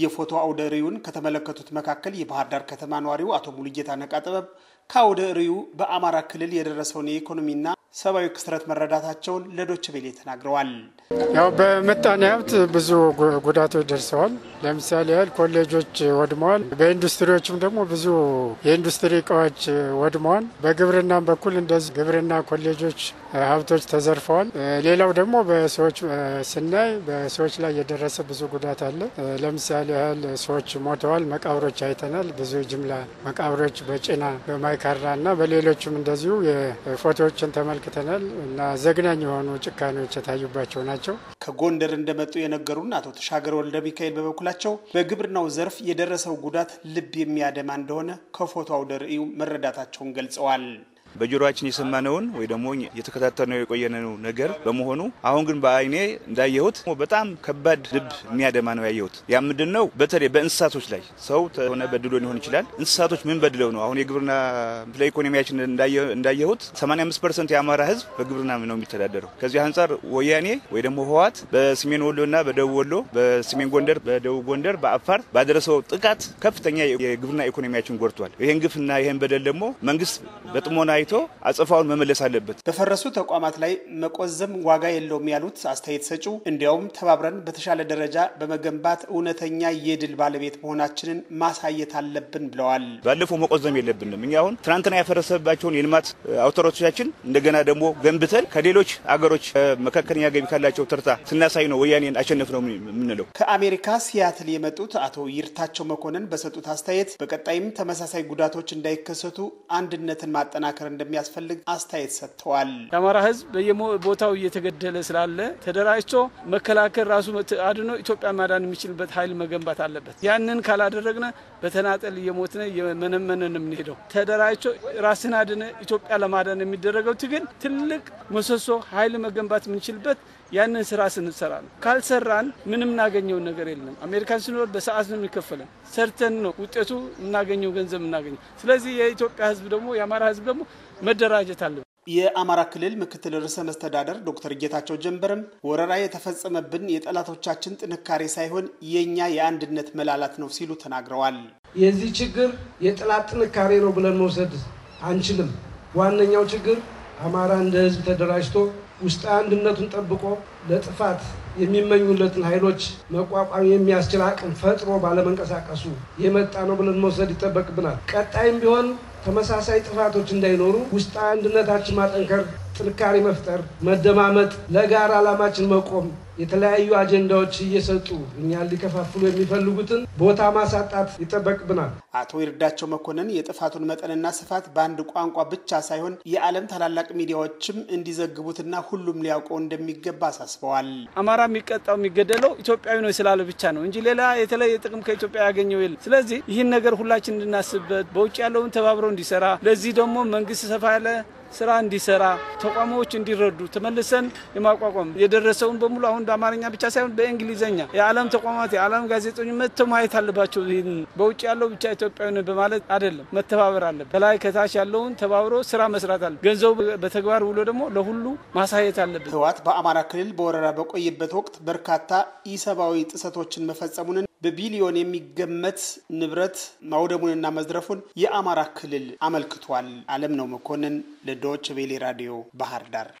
የፎቶ አውደ ርዕዩን ከተመለከቱት መካከል የባህር ዳር ከተማ ነዋሪው አቶ ሙሉጌታ ነቃጥበብ ከአውደ ርዕዩ በአማራ ክልል የደረሰውን የኢኮኖሚና ሰብአዊ ክስረት መረዳታቸውን ለዶች ቤሌ ተናግረዋል። ያው በምጣኔ ሀብት ብዙ ጉዳቶች ደርሰዋል። ለምሳሌ ያህል ኮሌጆች ወድመዋል። በኢንዱስትሪዎችም ደግሞ ብዙ የኢንዱስትሪ እቃዎች ወድመዋል። በግብርናም በኩል እንደዚህ ግብርና ኮሌጆች ሀብቶች ተዘርፈዋል። ሌላው ደግሞ በሰዎች ስናይ በሰዎች ላይ የደረሰ ብዙ ጉዳት አለ። ለምሳሌ ያህል ሰዎች ሞተዋል። መቃብሮች አይተናል። ብዙ ጅምላ መቃብሮች በጭና በማይካራ እና በሌሎችም እንደዚሁ የፎቶዎችን ተመልክ ተመልክተናል እና ዘግናኝ የሆኑ ጭካኔዎች የታዩባቸው ናቸው። ከጎንደር እንደመጡ የነገሩን አቶ ተሻገር ወልደ ሚካኤል በበኩላቸው በግብርናው ዘርፍ የደረሰው ጉዳት ልብ የሚያደማ እንደሆነ ከፎቶ አውደ ርዕዩ መረዳታቸውን ገልጸዋል። በጆሮችን የሰማነውን ወይ ደግሞ የተከታተልነው የቆየነው ነገር በመሆኑ አሁን ግን በአይኔ እንዳየሁት በጣም ከባድ ልብ የሚያደማ ነው ያየሁት። ያ ምንድን ነው? በተለይ በእንስሳቶች ላይ ሰው ሆነ በድሎ ሊሆን ይችላል። እንስሳቶች ምን በድለው ነው? አሁን የግብርና ለኢኮኖሚያችን እንዳየሁት 85 ፐርሰንት የአማራ ህዝብ በግብርና ነው የሚተዳደረው። ከዚህ አንጻር ወያኔ ወይ ደግሞ ህወሓት በሰሜን ወሎ በደቡብ ወሎ፣ በሰሜን ጎንደር፣ በደቡብ ጎንደር፣ በአፋር ባደረሰው ጥቃት ከፍተኛ የግብርና ኢኮኖሚያችን ጎድቷል። ይህን ግፍና ይህን በደል ደግሞ መንግስት በጥሞና አይቶ አጽፋውን መመለስ አለበት። በፈረሱ ተቋማት ላይ መቆዘም ዋጋ የለውም ያሉት አስተያየት ሰጪው እንዲያውም ተባብረን በተሻለ ደረጃ በመገንባት እውነተኛ የድል ባለቤት መሆናችንን ማሳየት አለብን ብለዋል። ባለፈው መቆዘም የለብንም። እኛ አሁን ትናንትና ያፈረሰባቸውን የልማት አውታሮቻችን እንደገና ደግሞ ገንብተን ከሌሎች አገሮች መካከለኛ ገቢ ካላቸው ተርታ ስናሳይ ነው ወያኔን አሸነፍ ነው የምንለው። ከአሜሪካ ሲያትል የመጡት አቶ ይርታቸው መኮንን በሰጡት አስተያየት በቀጣይም ተመሳሳይ ጉዳቶች እንዳይከሰቱ አንድነትን ማጠናከር እንደሚያስፈልግ አስተያየት ሰጥተዋል። የአማራ ህዝብ በየቦታው እየተገደለ ስላለ ተደራጅቶ መከላከል ራሱ አድኖ ኢትዮጵያ ማዳን የሚችልበት ኃይል መገንባት አለበት። ያንን ካላደረግነ በተናጠል እየሞትነ የመነመነን የምንሄደው ተደራጅቶ ራስን አድነ ኢትዮጵያ ለማዳን የሚደረገው ትግል ትልቅ ምሰሶ ኃይል መገንባት የምንችልበት ያንን ስራ ስንሰራ ነው። ካልሰራን ምንም እናገኘው ነገር የለም። አሜሪካን ስንኖር በሰዓት ነው የሚከፈለን። ሰርተን ነው ውጤቱ እናገኘው ገንዘብ እናገኘው። ስለዚህ የኢትዮጵያ ህዝብ ደግሞ የአማራ ህዝብ ደግሞ መደራጀት አለ። የአማራ ክልል ምክትል ርዕሰ መስተዳደር ዶክተር ጌታቸው ጀንበርም ወረራ የተፈጸመብን የጠላቶቻችን ጥንካሬ ሳይሆን የእኛ የአንድነት መላላት ነው ሲሉ ተናግረዋል። የዚህ ችግር የጠላት ጥንካሬ ነው ብለን መውሰድ አንችልም። ዋነኛው ችግር አማራ እንደ ህዝብ ተደራጅቶ ውስጥ አንድነቱን ጠብቆ ለጥፋት የሚመኙለትን ኃይሎች መቋቋም የሚያስችል አቅም ፈጥሮ ባለመንቀሳቀሱ የመጣ ነው ብለን መውሰድ ይጠበቅብናል። ቀጣይም ቢሆን ተመሳሳይ ጥፋቶች እንዳይኖሩ ውስጥ አንድነታችን ማጠንከር ጥንካሬ መፍጠር፣ መደማመጥ፣ ለጋራ ዓላማችን መቆም የተለያዩ አጀንዳዎች እየሰጡ እኛን ሊከፋፍሉ የሚፈልጉትን ቦታ ማሳጣት ይጠበቅብናል። አቶ ይርዳቸው መኮንን የጥፋቱን መጠንና ስፋት በአንድ ቋንቋ ብቻ ሳይሆን የዓለም ታላላቅ ሚዲያዎችም እንዲዘግቡትና ሁሉም ሊያውቀው እንደሚገባ አሳስበዋል። አማራ የሚቀጣው የሚገደለው ኢትዮጵያዊ ነው ስላለ ብቻ ነው እንጂ ሌላ የተለየ ጥቅም ከኢትዮጵያ ያገኘው የለም። ስለዚህ ይህን ነገር ሁላችን እንድናስብበት፣ በውጭ ያለውን ተባብረው እንዲሰራ ለዚህ ደግሞ መንግስት ሰፋ ያለ ስራ እንዲሰራ ተቋሞች እንዲረዱ ተመልሰን የማቋቋም የደረሰውን በሙሉ አሁን በአማርኛ ብቻ ሳይሆን በእንግሊዝኛ የዓለም ተቋማት የዓለም ጋዜጠኞች መጥተው ማየት አለባቸው። ይህን በውጭ ያለው ብቻ ኢትዮጵያዊ በማለት አይደለም፣ መተባበር አለ። ከላይ ከታች ያለውን ተባብሮ ስራ መስራት አለ። ገንዘቡ በተግባር ውሎ ደግሞ ለሁሉ ማሳየት አለብን። ህወሓት በአማራ ክልል በወረራ በቆየበት ወቅት በርካታ ኢሰብአዊ ጥሰቶችን መፈጸሙን በቢሊዮን የሚገመት ንብረት ማውደሙንና መዝረፉን የአማራ ክልል አመልክቷል። አለም ነው መኮንን ለዶች ቬሌ ራዲዮ ባህር ዳር